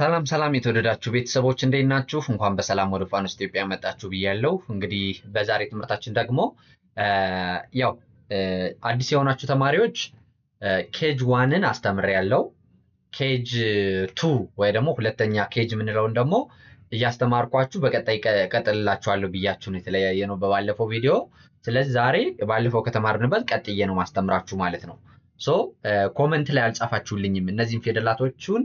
ሰላም ሰላም የተወደዳችሁ ቤተሰቦች እንዴት ናችሁ? እንኳን በሰላም ወደ ፋኖስ ኢትዮጵያ መጣችሁ ብያለሁ። እንግዲህ በዛሬ ትምህርታችን ደግሞ ያው አዲስ የሆናችሁ ተማሪዎች ኬጅ ዋንን አስተምር ያለው ኬጅ ቱ ወይ ደግሞ ሁለተኛ ኬጅ የምንለውን ደግሞ እያስተማርኳችሁ በቀጣይ ቀጥልላችኋለሁ ነው የተለያየ ነው በባለፈው ቪዲዮ። ስለዚህ ዛሬ ባለፈው ከተማርንበት ቀጥዬ ነው ማስተምራችሁ ማለት ነው። ሶ ኮመንት ላይ አልጻፋችሁልኝም እነዚህም ፊደላቶቹን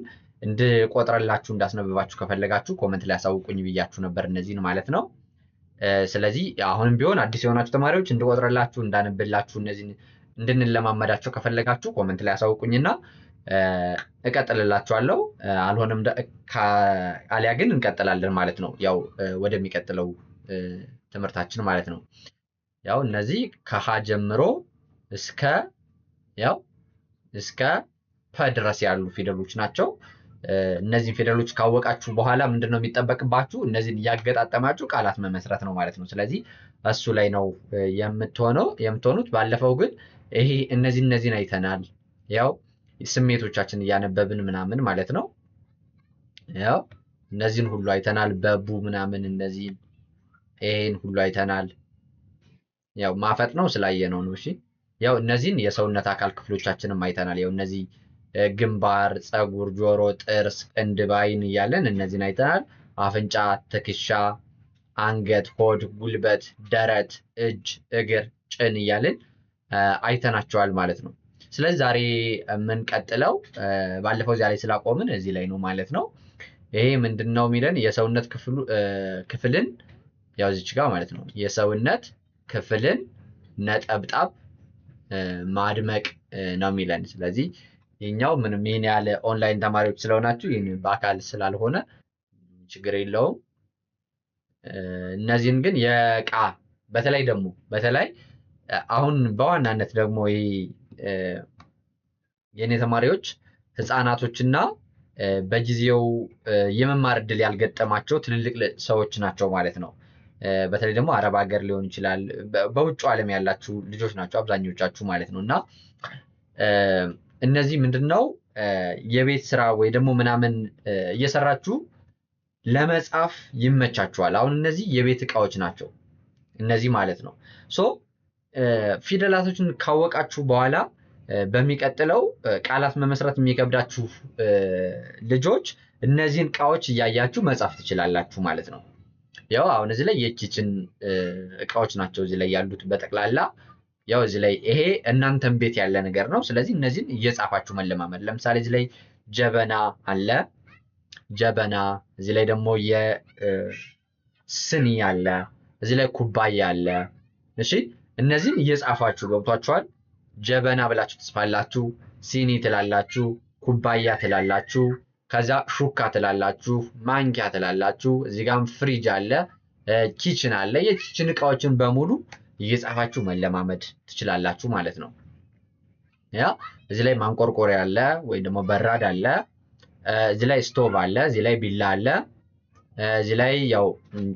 እንድቆጥረላችሁ እንዳስነብባችሁ ከፈለጋችሁ ኮመንት ላይ ያሳውቁኝ ብያችሁ ነበር፣ እነዚህን ማለት ነው። ስለዚህ አሁንም ቢሆን አዲስ የሆናችሁ ተማሪዎች እንድቆጥረላችሁ እንዳነብላችሁ እነዚህን እንድንለማመዳቸው ከፈለጋችሁ ኮመንት ላይ ያሳውቁኝና እቀጥልላችኋለሁ። አልሆነም አሊያ ግን እንቀጥላለን ማለት ነው፣ ያው ወደሚቀጥለው ትምህርታችን ማለት ነው። ያው እነዚህ ከሀ ጀምሮ እስከ ያው እስከ ፐ ድረስ ያሉ ፊደሎች ናቸው። እነዚህን ፊደሎች ካወቃችሁ በኋላ ምንድን ነው የሚጠበቅባችሁ? እነዚህን እያገጣጠማችሁ ቃላት መመስረት ነው ማለት ነው። ስለዚህ እሱ ላይ ነው የምትሆነው የምትሆኑት። ባለፈው ግን ይሄ እነዚህ እነዚህን አይተናል። ያው ስሜቶቻችን እያነበብን ምናምን ማለት ነው። ያው እነዚህን ሁሉ አይተናል። በቡ ምናምን እነዚህን ይሄን ሁሉ አይተናል። ያው ማፈጥ ነው ስላየ ነው ነው። እሺ ያው እነዚህን የሰውነት አካል ክፍሎቻችንም አይተናል። ያው እነዚህ ግንባር፣ ፀጉር፣ ጆሮ፣ ጥርስ፣ ቅንድብ፣ አይን እያለን እነዚህን አይተናል። አፍንጫ፣ ትከሻ፣ አንገት፣ ሆድ፣ ጉልበት፣ ደረት፣ እጅ፣ እግር፣ ጭን እያልን አይተናቸዋል ማለት ነው። ስለዚህ ዛሬ የምንቀጥለው ባለፈው እዚያ ላይ ስላቆምን እዚህ ላይ ነው ማለት ነው። ይሄ ምንድን ነው የሚለን የሰውነት ክፍልን ያው እዚች ጋር ማለት ነው የሰውነት ክፍልን ነጠብጣብ ማድመቅ ነው የሚለን ስለዚህ ይህኛው ምንም ይህን ያለ ኦንላይን ተማሪዎች ስለሆናችሁ ይህን በአካል ስላልሆነ ችግር የለውም። እነዚህን ግን የእቃ በተለይ ደግሞ በተለይ አሁን በዋናነት ደግሞ የእኔ ተማሪዎች ህፃናቶችና በጊዜው የመማር እድል ያልገጠማቸው ትልልቅ ሰዎች ናቸው ማለት ነው። በተለይ ደግሞ አረብ ሀገር ሊሆን ይችላል፣ በውጭ ዓለም ያላችሁ ልጆች ናቸው አብዛኞቻችሁ ማለት ነው እና እነዚህ ምንድነው የቤት ስራ ወይ ደግሞ ምናምን እየሰራችሁ ለመጻፍ ይመቻችኋል። አሁን እነዚህ የቤት እቃዎች ናቸው፣ እነዚህ ማለት ነው። ሶ ፊደላቶችን ካወቃችሁ በኋላ በሚቀጥለው ቃላት መመስረት የሚከብዳችሁ ልጆች እነዚህን እቃዎች እያያችሁ መጻፍ ትችላላችሁ ማለት ነው። ያው አሁን እዚህ ላይ የኪችን እቃዎች ናቸው እዚህ ላይ ያሉት በጠቅላላ ያው እዚህ ላይ ይሄ እናንተን ቤት ያለ ነገር ነው። ስለዚህ እነዚህን እየጻፋችሁ መለማመድ። ለምሳሌ እዚህ ላይ ጀበና አለ፣ ጀበና። እዚህ ላይ ደግሞ የስኒ አለ፣ እዚህ ላይ ኩባያ አለ። እሺ እነዚህን እየጻፋችሁ ገብቷችኋል። ጀበና ብላችሁ ትጽፋላችሁ፣ ሲኒ ትላላችሁ፣ ኩባያ ትላላችሁ፣ ከዛ ሹካ ትላላችሁ፣ ማንኪያ ትላላችሁ። እዚህ ጋም ፍሪጅ አለ፣ ኪችን አለ። የኪችን እቃዎችን በሙሉ እየጻፋችሁ መለማመድ ትችላላችሁ ማለት ነው። ያ እዚህ ላይ ማንቆርቆሪያ አለ ወይም ደግሞ በራድ አለ። እዚህ ላይ ስቶቭ አለ። እዚህ ላይ ቢላ አለ። እዚህ ላይ ያው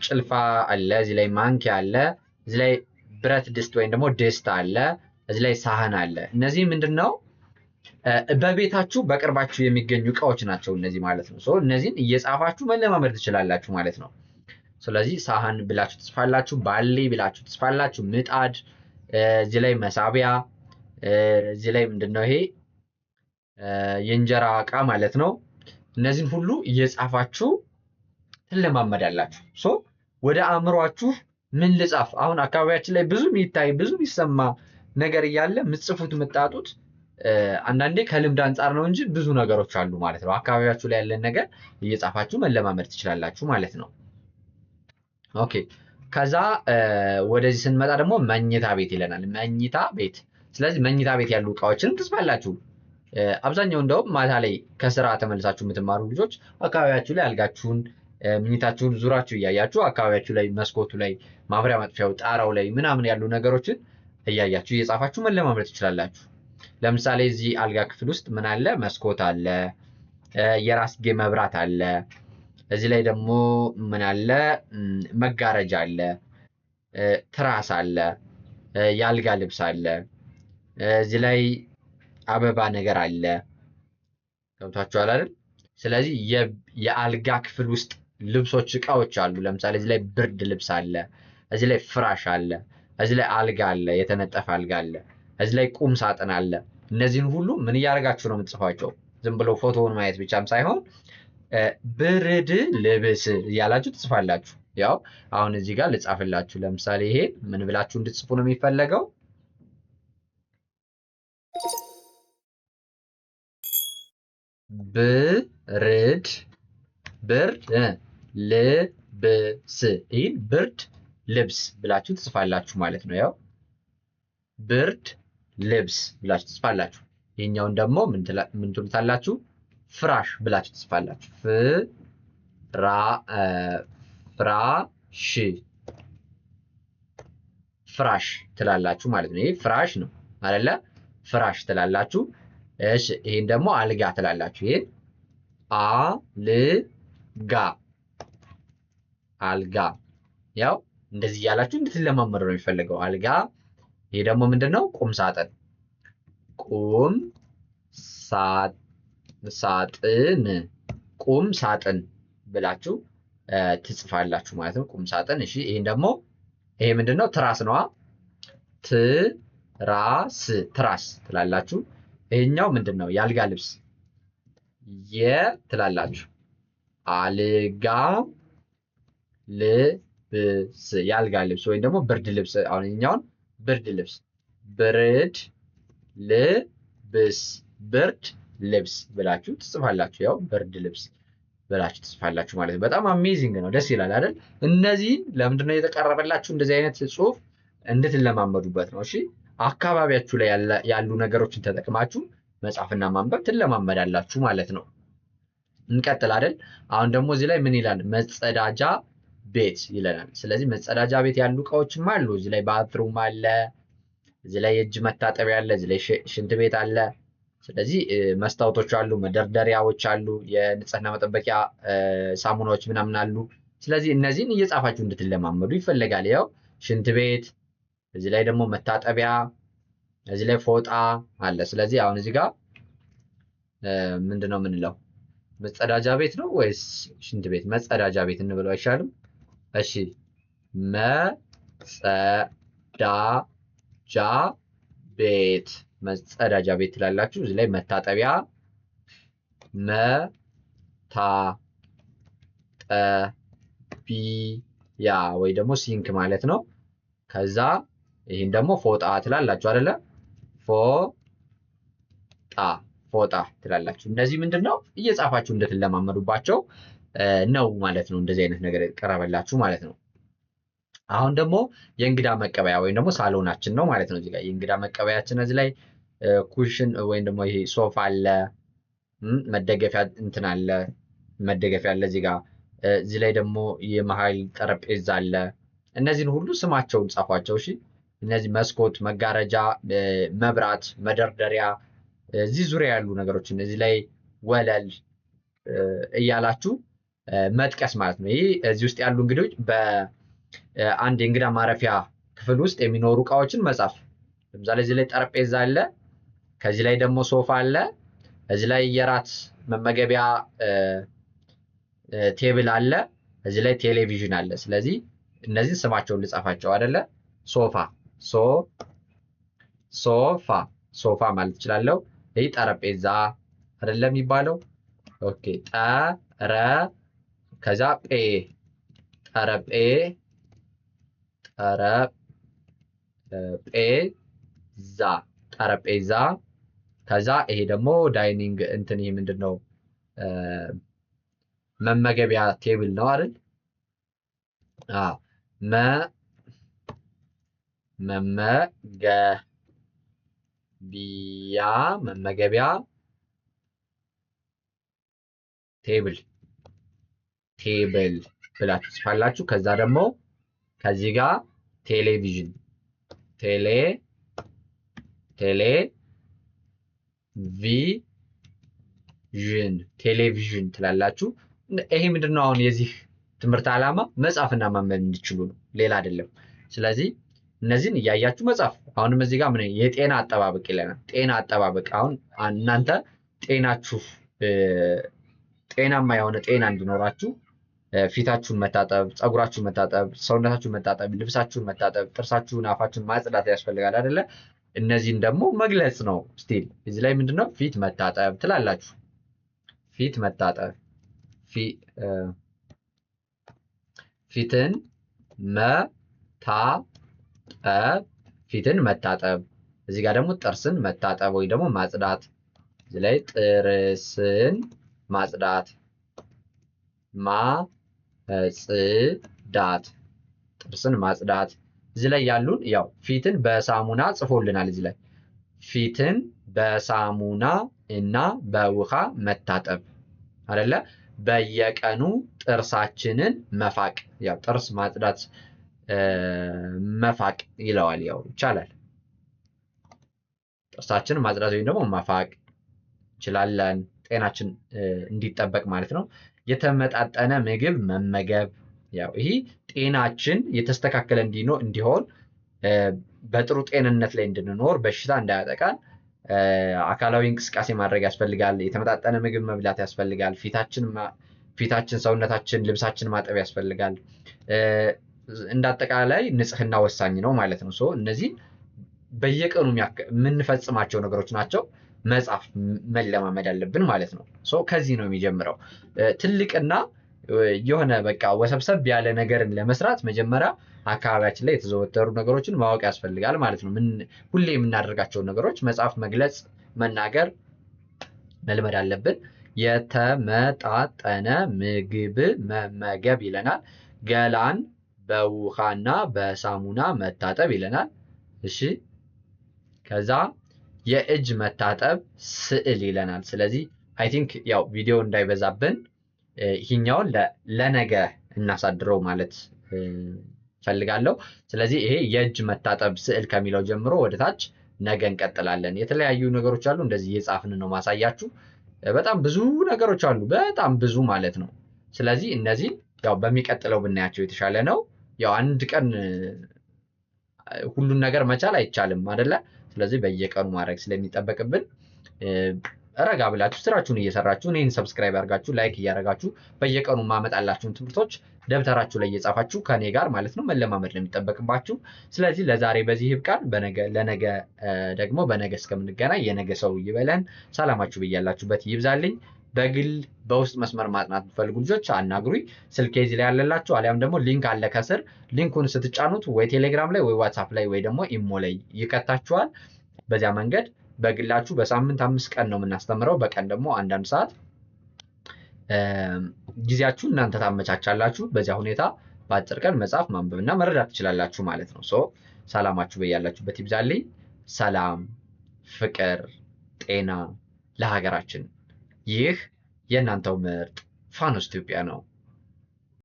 ጭልፋ አለ። እዚህ ላይ ማንኪያ አለ። እዚህ ላይ ብረት ድስት ወይም ደግሞ ድስት አለ። እዚህ ላይ ሳህን አለ። እነዚህ ምንድን ነው? በቤታችሁ በቅርባችሁ የሚገኙ እቃዎች ናቸው እነዚህ ማለት ነው። እነዚህን እየጻፋችሁ መለማመድ ትችላላችሁ ማለት ነው። ስለዚህ ሳህን ብላችሁ ትጽፋላችሁ፣ ባሌ ብላችሁ ትጽፋላችሁ፣ ምጣድ እዚህ ላይ መሳቢያ እዚህ ላይ ምንድነው ይሄ የእንጀራ እቃ ማለት ነው። እነዚህን ሁሉ እየጻፋችሁ ትለማመዳላችሁ። ሶ ወደ አእምሯችሁ ምን ልጻፍ፣ አሁን አካባቢያችን ላይ ብዙ የሚታይ ብዙ የሚሰማ ነገር እያለ ምጽፉት የምጣጡት አንዳንዴ ከልምድ አንጻር ነው እንጂ ብዙ ነገሮች አሉ ማለት ነው። አካባቢያችሁ ላይ ያለን ነገር እየጻፋችሁ መለማመድ ትችላላችሁ ማለት ነው። ኦኬ ከዛ ወደዚህ ስንመጣ ደግሞ መኝታ ቤት ይለናል። መኝታ ቤት ስለዚህ መኝታ ቤት ያሉ እቃዎችን ትጽፋላችሁ። አብዛኛው እንደውም ማታ ላይ ከስራ ተመልሳችሁ የምትማሩ ልጆች አካባቢያችሁ ላይ አልጋችሁን፣ ምኝታችሁን ዙራችሁ እያያችሁ አካባቢያችሁ ላይ መስኮቱ ላይ ማብሪያ ማጥፊያው ጣራው ላይ ምናምን ያሉ ነገሮችን እያያችሁ እየጻፋችሁ መለማመድ ትችላላችሁ። ለምሳሌ እዚህ አልጋ ክፍል ውስጥ ምን አለ? መስኮት አለ፣ የራስጌ መብራት አለ እዚህ ላይ ደግሞ ምን አለ? መጋረጃ አለ፣ ትራስ አለ፣ የአልጋ ልብስ አለ። እዚህ ላይ አበባ ነገር አለ። ገብቷችኋል አይደል? ስለዚህ የአልጋ ክፍል ውስጥ ልብሶች፣ እቃዎች አሉ። ለምሳሌ እዚህ ላይ ብርድ ልብስ አለ፣ እዚህ ላይ ፍራሽ አለ፣ እዚህ ላይ አልጋ አለ፣ የተነጠፈ አልጋ አለ፣ እዚህ ላይ ቁም ሳጥን አለ። እነዚህን ሁሉ ምን እያደረጋችሁ ነው የምትጽፏቸው? ዝም ብሎ ፎቶውን ማየት ብቻም ሳይሆን ብርድ ልብስ እያላችሁ ትጽፋላችሁ። ያው አሁን እዚህ ጋር ልጻፍላችሁ። ለምሳሌ ይሄ ምን ብላችሁ እንድትጽፉ ነው የሚፈለገው? ብርድ ብርድ ልብስ ይህን ብርድ ልብስ ብላችሁ ትጽፋላችሁ ማለት ነው። ያው ብርድ ልብስ ብላችሁ ትጽፋላችሁ። ይህኛውን ደግሞ ምን ትሉታላችሁ? ፍራሽ ብላችሁ ትጽፋላችሁ። ፍራሽ ፍራሽ ትላላችሁ ማለት ነው። ይሄ ፍራሽ ነው አይደለ? ፍራሽ ትላላችሁ። እሺ፣ ይሄን ደግሞ አልጋ ትላላችሁ። ይሄን አልጋ አልጋ ያው እንደዚህ እያላችሁ እንድትለማመዱ ነው የሚፈልገው። አልጋ። ይሄ ደግሞ ምንድን ነው? ቁም ሳጥን ቁም ሳጥን ሳጥን ቁም ሳጥን ብላችሁ ትጽፋላችሁ ማለት ነው። ቁም ሳጥን። እሺ ይህን ደግሞ ይሄ ምንድን ነው? ትራስ ነዋ። ትራስ ትራስ ትላላችሁ። ይሄኛው ምንድን ነው? የአልጋ ልብስ የ ትላላችሁ። አልጋ ልብስ የአልጋ ልብስ ወይም ደግሞ ብርድ ልብስ። አሁን ይሄኛውን ብርድ ልብስ ብርድ ልብስ ብርድ ልብስ ብላችሁ ትጽፋላችሁ። ያው በርድ ልብስ ብላችሁ ትጽፋላችሁ ማለት ነው። በጣም አሜዚንግ ነው። ደስ ይላል አይደል? እነዚህን ለምንድነው የተቀረበላችሁ? እንደዚህ አይነት ጽሁፍ እንድትለማመዱበት ነው። እሺ አካባቢያችሁ ላይ ያሉ ነገሮችን ተጠቅማችሁ መጻፍና ማንበብ ትለማመዳላችሁ ማለት ነው። እንቀጥል አይደል? አሁን ደግሞ እዚህ ላይ ምን ይላል? መጸዳጃ ቤት ይለናል። ስለዚህ መጸዳጃ ቤት ያሉ እቃዎችም አሉ። እዚህ ላይ ባትሩም አለ፣ እዚህ ላይ የእጅ መታጠቢያ አለ፣ እዚህ ላይ ሽንት ቤት አለ። ስለዚህ መስታወቶች አሉ፣ መደርደሪያዎች አሉ፣ የንጽህና መጠበቂያ ሳሙናዎች ምናምን አሉ። ስለዚህ እነዚህን እየጻፋችሁ እንድትለማመዱ ይፈለጋል። ያው ሽንት ቤት፣ እዚህ ላይ ደግሞ መታጠቢያ፣ እዚህ ላይ ፎጣ አለ። ስለዚህ አሁን እዚህ ጋር ምንድን ነው የምንለው? መጸዳጃ ቤት ነው ወይስ ሽንት ቤት? መጸዳጃ ቤት እንብለው አይሻልም? እሺ፣ መጸዳጃ ቤት መጸዳጃ ቤት ትላላችሁ። እዚህ ላይ መታጠቢያ መታጠቢያ ወይ ደግሞ ሲንክ ማለት ነው። ከዛ ይህን ደግሞ ፎጣ ትላላችሁ አደለ? ፎጣ ፎጣ ትላላችሁ። እነዚህ ምንድን ነው እየጻፋችሁ እንደትለማመዱባቸው ነው ማለት ነው። እንደዚህ አይነት ነገር ቀረበላችሁ ማለት ነው። አሁን ደግሞ የእንግዳ መቀበያ ወይም ደግሞ ሳሎናችን ነው ማለት ነው። እዚጋ የእንግዳ መቀበያችን እዚህ ላይ ኩሽን ወይም ደግሞ ይሄ ሶፋ አለ፣ መደገፊያ እንትን አለ፣ መደገፊያ አለ ጋር። እዚህ ላይ ደግሞ የመሀል ጠረጴዛ አለ። እነዚህን ሁሉ ስማቸውን ጻፏቸው እሺ። እነዚህ መስኮት፣ መጋረጃ፣ መብራት፣ መደርደሪያ እዚህ ዙሪያ ያሉ ነገሮች እነዚህ ላይ ወለል እያላችሁ መጥቀስ ማለት ነው። ይህ እዚህ ውስጥ ያሉ እንግዶች በ አንድ የእንግዳ ማረፊያ ክፍል ውስጥ የሚኖሩ እቃዎችን መጻፍ። ለምሳሌ እዚህ ላይ ጠረጴዛ አለ፣ ከዚህ ላይ ደግሞ ሶፋ አለ፣ እዚህ ላይ የራት መመገቢያ ቴብል አለ፣ እዚህ ላይ ቴሌቪዥን አለ። ስለዚህ እነዚህን ስማቸውን ልጻፋቸው አይደለ? ሶፋ ሶ ሶፋ ሶፋ ማለት እችላለሁ። ይህ ጠረጴዛ አይደለም የሚባለው። ኦኬ ጠረ ከዛ ጴ ጠረጴ ጠረጴዛ ጠረጴዛ ከዛ ይሄ ደግሞ ዳይኒንግ እንትን ይሄ ምንድን ነው? መመገቢያ ቴብል ነው አይደል? መመገቢያ መመገቢያ ቴብል ቴብል ብላችሁ ጽፋላችሁ። ከዛ ደግሞ ከዚህ ጋር ቴሌቪዥን ቴሌ ቴሌ ቪ ዥን ቴሌቪዥን ትላላችሁ። ይሄ ምንድነው አሁን የዚህ ትምህርት ዓላማ መጻፍና ማንበብ እንዲችሉ ነው፣ ሌላ አይደለም። ስለዚህ እነዚህን እያያችሁ መጻፍ። አሁንም እዚህ ጋር ምን የጤና አጠባበቅ ይለናል። ጤና አጠባበቅ አሁን እናንተ ጤናችሁ ጤናማ የሆነ ጤና እንዲኖራችሁ ፊታችሁን መታጠብ፣ ፀጉራችሁን መታጠብ፣ ሰውነታችሁን መታጠብ፣ ልብሳችሁን መታጠብ፣ ጥርሳችሁን፣ አፋችሁን ማጽዳት ያስፈልጋል አይደለ? እነዚህን ደግሞ መግለጽ ነው። ስቲል እዚህ ላይ ምንድነው ፊት መታጠብ ትላላችሁ። ፊት መታጠብ፣ ፊትን መታጠብ፣ ፊትን መታጠብ። እዚህ ጋር ደግሞ ጥርስን መታጠብ ወይ ደግሞ ማጽዳት። እዚህ ላይ ጥርስን ማጽዳት ማ ጽዳት ጥርስን ማጽዳት እዚህ ላይ ያሉን ያው ፊትን በሳሙና ጽፎልናል። እዚህ ላይ ፊትን በሳሙና እና በውሃ መታጠብ አደለ በየቀኑ ጥርሳችንን መፋቅ ያው ጥርስ ማጽዳት መፋቅ ይለዋል። ያው ይቻላል ጥርሳችንን ማጽዳት ወይም ደግሞ መፋቅ እንችላለን። ጤናችን እንዲጠበቅ ማለት ነው። የተመጣጠነ ምግብ መመገብ ያው ይሄ ጤናችን የተስተካከለ እንዲሆን በጥሩ ጤንነት ላይ እንድንኖር በሽታ እንዳያጠቃን አካላዊ እንቅስቃሴ ማድረግ ያስፈልጋል። የተመጣጠነ ምግብ መብላት ያስፈልጋል። ፊታችን፣ ሰውነታችን፣ ልብሳችን ማጠብ ያስፈልጋል። እንዳጠቃላይ ንጽህና ወሳኝ ነው ማለት ነው። እነዚህ በየቀኑ የምንፈጽማቸው ነገሮች ናቸው። መጻፍ መለማመድ አለብን ማለት ነው። ከዚህ ነው የሚጀምረው። ትልቅና የሆነ በቃ ወሰብሰብ ያለ ነገርን ለመስራት መጀመሪያ አካባቢያችን ላይ የተዘወተሩ ነገሮችን ማወቅ ያስፈልጋል ማለት ነው። ሁሌ የምናደርጋቸውን ነገሮች መጻፍ፣ መግለጽ፣ መናገር መልመድ አለብን። የተመጣጠነ ምግብ መመገብ ይለናል። ገላን በውሃና በሳሙና መታጠብ ይለናል። እሺ ከዛ የእጅ መታጠብ ስዕል ይለናል። ስለዚህ አይ ቲንክ ያው ቪዲዮ እንዳይበዛብን ይህኛውን ለነገ እናሳድረው ማለት ፈልጋለሁ። ስለዚህ ይሄ የእጅ መታጠብ ስዕል ከሚለው ጀምሮ ወደ ታች ነገ እንቀጥላለን። የተለያዩ ነገሮች አሉ። እንደዚህ የጻፍን ነው ማሳያችሁ። በጣም ብዙ ነገሮች አሉ፣ በጣም ብዙ ማለት ነው። ስለዚህ እነዚህን ያው በሚቀጥለው ብናያቸው የተሻለ ነው። ያው አንድ ቀን ሁሉን ነገር መቻል አይቻልም አደለ? ስለዚህ በየቀኑ ማድረግ ስለሚጠበቅብን ረጋ ብላችሁ ስራችሁን እየሰራችሁ ይህን ሰብስክራይብ አድርጋችሁ ላይክ እያደረጋችሁ በየቀኑ ማመጣላችሁን ትምህርቶች ደብተራችሁ ላይ እየጻፋችሁ ከኔ ጋር ማለት ነው መለማመድ ነው የሚጠበቅባችሁ። ስለዚህ ለዛሬ በዚህ ይብቃን። ለነገ ደግሞ በነገ እስከምንገናኝ የነገ ሰው ይበለን። ሰላማችሁ ብያላችሁበት ይብዛልኝ። በግል በውስጥ መስመር ማጥናት የምትፈልጉ ልጆች አናግሩኝ። ስልክ ዚ ላይ ያለላችሁ አሊያም ደግሞ ሊንክ አለ ከስር። ሊንኩን ስትጫኑት ወይ ቴሌግራም ላይ ወይ ዋትሳፕ ላይ ወይ ደግሞ ኢሞ ላይ ይከታችኋል። በዚያ መንገድ በግላችሁ በሳምንት አምስት ቀን ነው የምናስተምረው። በቀን ደግሞ አንዳንድ ሰዓት ጊዜያችሁ እናንተ ታመቻቻላችሁ። በዚያ ሁኔታ በአጭር ቀን መጻፍ ማንበብና መረዳት ትችላላችሁ ማለት ነው። ሶ ሰላማችሁ በያላችሁበት ይብዛልኝ። ሰላም፣ ፍቅር፣ ጤና ለሀገራችን ይህ የእናንተው ምርጥ ፋኖስ ኢትዮጵያ ነው።